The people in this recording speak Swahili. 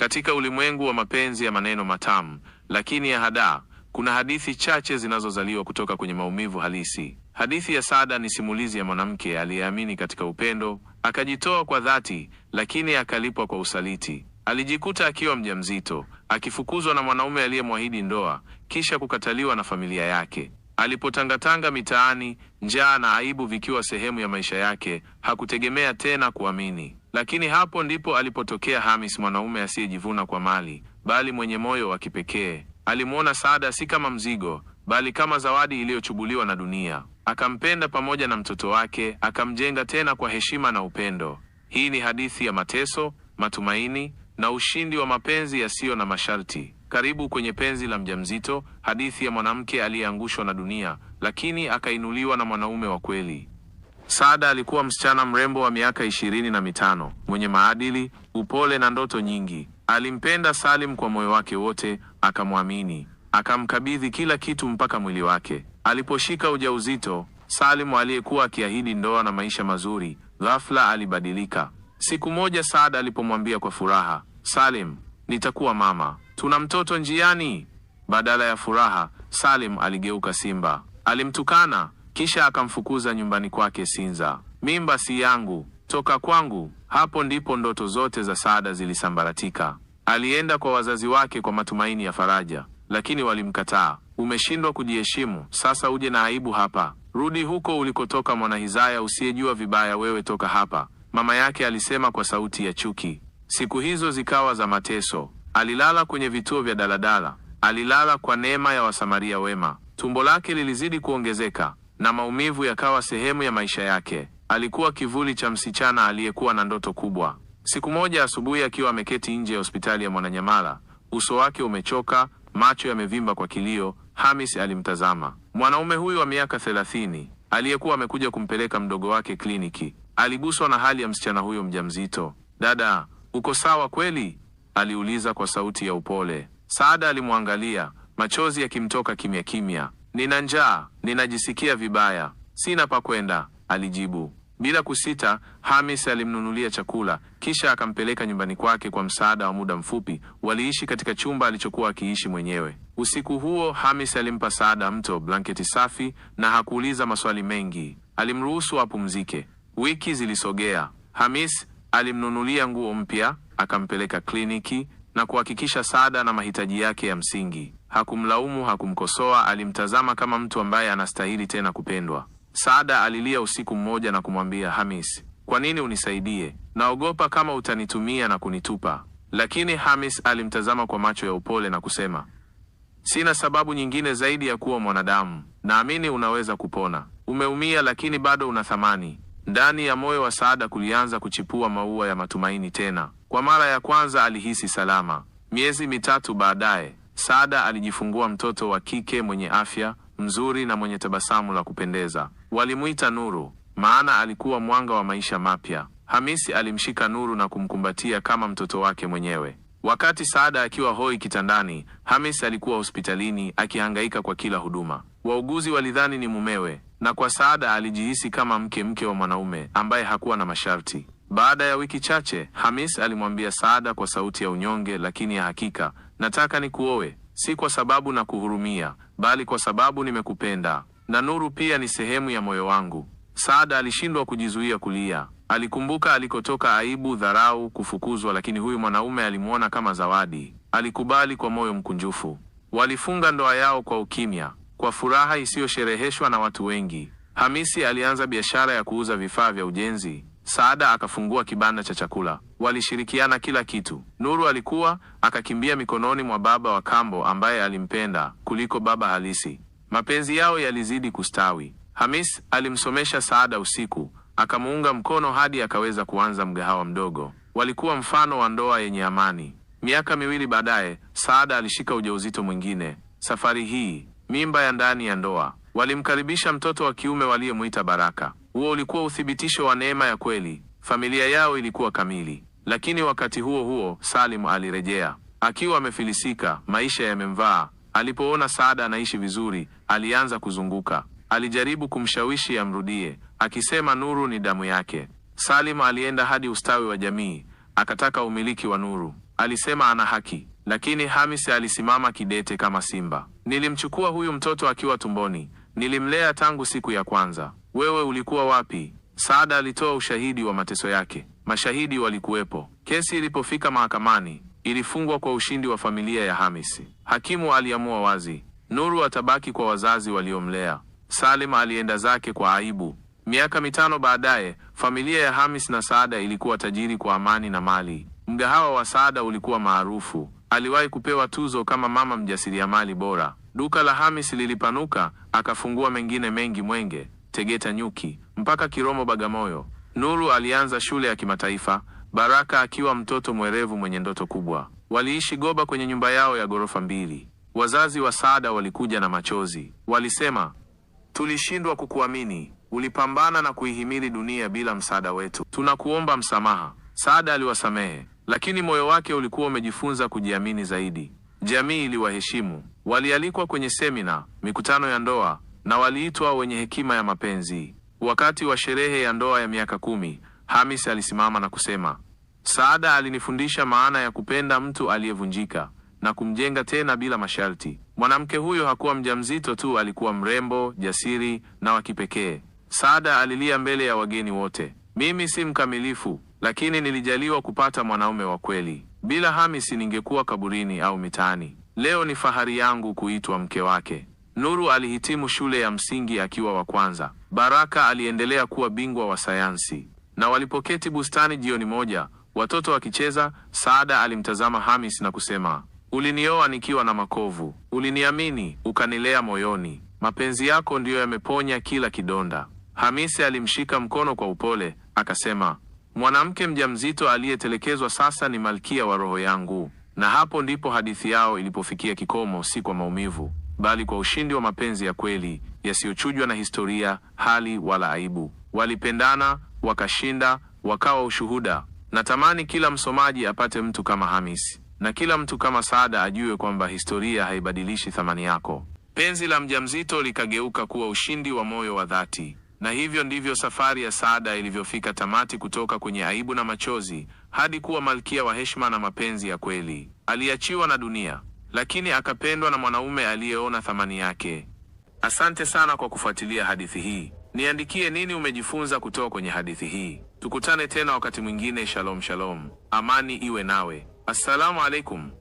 Katika ulimwengu wa mapenzi ya maneno matamu lakini ya hadaa, kuna hadithi chache zinazozaliwa kutoka kwenye maumivu halisi. Hadithi ya sada ni simulizi ya mwanamke aliyeamini katika upendo, akajitoa kwa dhati, lakini akalipwa kwa usaliti. Alijikuta akiwa mjamzito, akifukuzwa na mwanaume aliyemwahidi ndoa, kisha kukataliwa na familia yake. Alipotangatanga mitaani, njaa na aibu vikiwa sehemu ya maisha yake, hakutegemea tena kuamini. Lakini hapo ndipo alipotokea Hamis, mwanaume asiyejivuna kwa mali, bali mwenye moyo wa kipekee. Alimwona Saada si kama mzigo, bali kama zawadi iliyochubuliwa na dunia. Akampenda pamoja na mtoto wake, akamjenga tena kwa heshima na upendo. Hii ni hadithi ya mateso, matumaini na ushindi wa mapenzi yasiyo na masharti. Karibu kwenye Penzi la Mjamzito, hadithi ya mwanamke aliyeangushwa na dunia, lakini akainuliwa na mwanaume wa kweli. Saada alikuwa msichana mrembo wa miaka ishirini na mitano mwenye maadili, upole na ndoto nyingi. Alimpenda Salim kwa moyo wake wote, akamwamini, akamkabidhi kila kitu mpaka mwili wake. Aliposhika ujauzito, Salim aliyekuwa akiahidi ndoa na maisha mazuri, ghafla alibadilika. Siku moja Saada alipomwambia kwa furaha, Salim, nitakuwa mama, tuna mtoto njiani. Badala ya furaha, Salim aligeuka simba. Alimtukana kisha akamfukuza nyumbani kwake Sinza. Mimba si yangu, toka kwangu. Hapo ndipo ndoto zote za Saada zilisambaratika. Alienda kwa wazazi wake kwa matumaini ya faraja, lakini walimkataa. Umeshindwa kujiheshimu, sasa uje na aibu hapa. Rudi huko ulikotoka, mwanahizaya usiyejua vibaya, wewe toka hapa, mama yake alisema kwa sauti ya chuki. Siku hizo zikawa za mateso. Alilala kwenye vituo vya daladala, alilala kwa neema ya wasamaria wema. Tumbo lake lilizidi kuongezeka na maumivu yakawa sehemu ya maisha yake. Alikuwa kivuli cha msichana aliyekuwa na ndoto kubwa. Siku moja asubuhi, akiwa ameketi nje ya hospitali ya Mwananyamala, uso wake umechoka, macho yamevimba kwa kilio, Hamis alimtazama. Mwanaume huyu wa miaka thelathini aliyekuwa amekuja kumpeleka mdogo wake kliniki, aliguswa na hali ya msichana huyo mjamzito. Dada, uko sawa kweli? aliuliza kwa sauti ya upole. Saada alimwangalia, machozi yakimtoka kimya kimya. Nina njaa, ninajisikia vibaya, sina pa kwenda, alijibu. Bila kusita, Hamis alimnunulia chakula kisha akampeleka nyumbani kwake kwa msaada wa muda mfupi. Waliishi katika chumba alichokuwa akiishi mwenyewe. Usiku huo, Hamis alimpa Saada mto, blanketi safi na hakuuliza maswali mengi. Alimruhusu apumzike. Wiki zilisogea. Hamis alimnunulia nguo mpya, akampeleka kliniki na kuhakikisha Saada na mahitaji yake ya msingi. Hakumlaumu, hakumkosoa, alimtazama kama mtu ambaye anastahili tena kupendwa. Saada alilia usiku mmoja na kumwambia Hamis, kwa nini unisaidie? Naogopa kama utanitumia na kunitupa. Lakini Hamis alimtazama kwa macho ya upole na kusema, sina sababu nyingine zaidi ya kuwa mwanadamu. Naamini unaweza kupona. Umeumia, lakini bado una thamani. Ndani ya moyo wa Saada kulianza kuchipua maua ya matumaini tena. Kwa mara ya kwanza alihisi salama. Miezi mitatu baadaye Saada alijifungua mtoto wa kike mwenye afya, mzuri na mwenye tabasamu la kupendeza. Walimuita Nuru maana alikuwa mwanga wa maisha mapya. Hamisi alimshika Nuru na kumkumbatia kama mtoto wake mwenyewe. Wakati Saada akiwa hoi kitandani, Hamis alikuwa hospitalini akihangaika kwa kila huduma. Wauguzi walidhani ni mumewe, na kwa Saada alijihisi kama mke mke wa mwanaume ambaye hakuwa na masharti. Baada ya wiki chache, Hamis alimwambia Saada kwa sauti ya unyonge lakini ya hakika, Nataka nikuoe, si kwa sababu na kuhurumia bali kwa sababu nimekupenda, na Nuru pia ni sehemu ya moyo wangu. Saada alishindwa kujizuia kulia. Alikumbuka alikotoka, aibu, dharau, kufukuzwa, lakini huyu mwanaume alimwona kama zawadi. Alikubali kwa moyo mkunjufu. Walifunga ndoa yao kwa ukimya, kwa furaha isiyoshereheshwa na watu wengi. Hamisi alianza biashara ya kuuza vifaa vya ujenzi. Saada akafungua kibanda cha chakula. Walishirikiana kila kitu. Nuru alikuwa akakimbia mikononi mwa baba wa kambo ambaye alimpenda kuliko baba halisi. Mapenzi yao yalizidi kustawi. Hamis alimsomesha Saada usiku, akamuunga mkono hadi akaweza kuanza mgahawa mdogo. Walikuwa mfano wa ndoa yenye amani. Miaka miwili baadaye, Saada alishika ujauzito mwingine, safari hii mimba ya ndani ya ndoa. Walimkaribisha mtoto wa kiume waliyemwita Baraka. Huo ulikuwa uthibitisho wa neema ya kweli. Familia yao ilikuwa kamili, lakini wakati huo huo Salim alirejea akiwa amefilisika, maisha yamemvaa. Alipoona Saada anaishi vizuri, alianza kuzunguka. Alijaribu kumshawishi amrudie, akisema Nuru ni damu yake. Salim alienda hadi ustawi wa jamii, akataka umiliki wa Nuru. Alisema ana haki, lakini Hamis alisimama kidete kama simba. Nilimchukua huyu mtoto akiwa tumboni, nilimlea tangu siku ya kwanza. Wewe ulikuwa wapi? Saada alitoa ushahidi wa mateso yake. Mashahidi walikuwepo. Kesi ilipofika mahakamani, ilifungwa kwa ushindi wa familia ya Hamisi. Hakimu aliamua wazi, Nuru atabaki kwa wazazi waliomlea. Salim alienda zake kwa aibu. Miaka mitano baadaye, familia ya Hamis na Saada ilikuwa tajiri kwa amani na mali. Mgahawa wa Saada ulikuwa maarufu. Aliwahi kupewa tuzo kama mama mjasiriamali bora. Duka la Hamis lilipanuka, akafungua mengine mengi Mwenge. Tegeta Nyuki mpaka Kiromo Bagamoyo. Nuru alianza shule ya kimataifa, Baraka akiwa mtoto mwerevu mwenye ndoto kubwa. Waliishi Goba kwenye nyumba yao ya ghorofa mbili. Wazazi wa Saada walikuja na machozi, walisema, tulishindwa kukuamini, ulipambana na kuihimili dunia bila msaada wetu, tunakuomba msamaha. Saada aliwasamehe, lakini moyo wake ulikuwa umejifunza kujiamini zaidi. Jamii iliwaheshimu, walialikwa kwenye semina, mikutano ya ndoa na waliitwa wenye hekima ya mapenzi. Wakati wa sherehe ya ndoa ya miaka kumi, Hamis alisimama na kusema, Saada alinifundisha maana ya kupenda mtu aliyevunjika na kumjenga tena bila masharti. Mwanamke huyo hakuwa mjamzito tu, alikuwa mrembo, jasiri na wa kipekee. Saada alilia mbele ya wageni wote, mimi si mkamilifu, lakini nilijaliwa kupata mwanaume wa kweli. Bila Hamis ningekuwa kaburini au mitaani. Leo ni fahari yangu kuitwa mke wake. Nuru alihitimu shule ya msingi akiwa wa kwanza. Baraka aliendelea kuwa bingwa wa sayansi. Na walipoketi bustani jioni moja, watoto wakicheza, Saada alimtazama Hamis na kusema, ulinioa nikiwa na makovu, uliniamini ukanilea moyoni, mapenzi yako ndiyo yameponya kila kidonda. Hamisi alimshika mkono kwa upole akasema, mwanamke mjamzito aliyetelekezwa sasa ni malkia wa roho yangu. Na hapo ndipo hadithi yao ilipofikia kikomo, si kwa maumivu, bali kwa ushindi wa mapenzi ya kweli yasiyochujwa na historia, hali wala aibu. Walipendana, wakashinda, wakawa ushuhuda. Natamani kila msomaji apate mtu kama hamis na kila mtu kama Saada ajue kwamba historia haibadilishi thamani yako. Penzi la mjamzito likageuka kuwa ushindi wa moyo wa dhati. Na hivyo ndivyo safari ya Saada ilivyofika tamati, kutoka kwenye aibu na machozi hadi kuwa malkia wa heshima na mapenzi ya kweli. Aliachiwa na dunia, lakini akapendwa na mwanaume aliyeona thamani yake. Asante sana kwa kufuatilia hadithi hii. Niandikie nini umejifunza kutoka kwenye hadithi hii. Tukutane tena wakati mwingine. Shalom shalom, amani iwe nawe. Assalamu alaikum.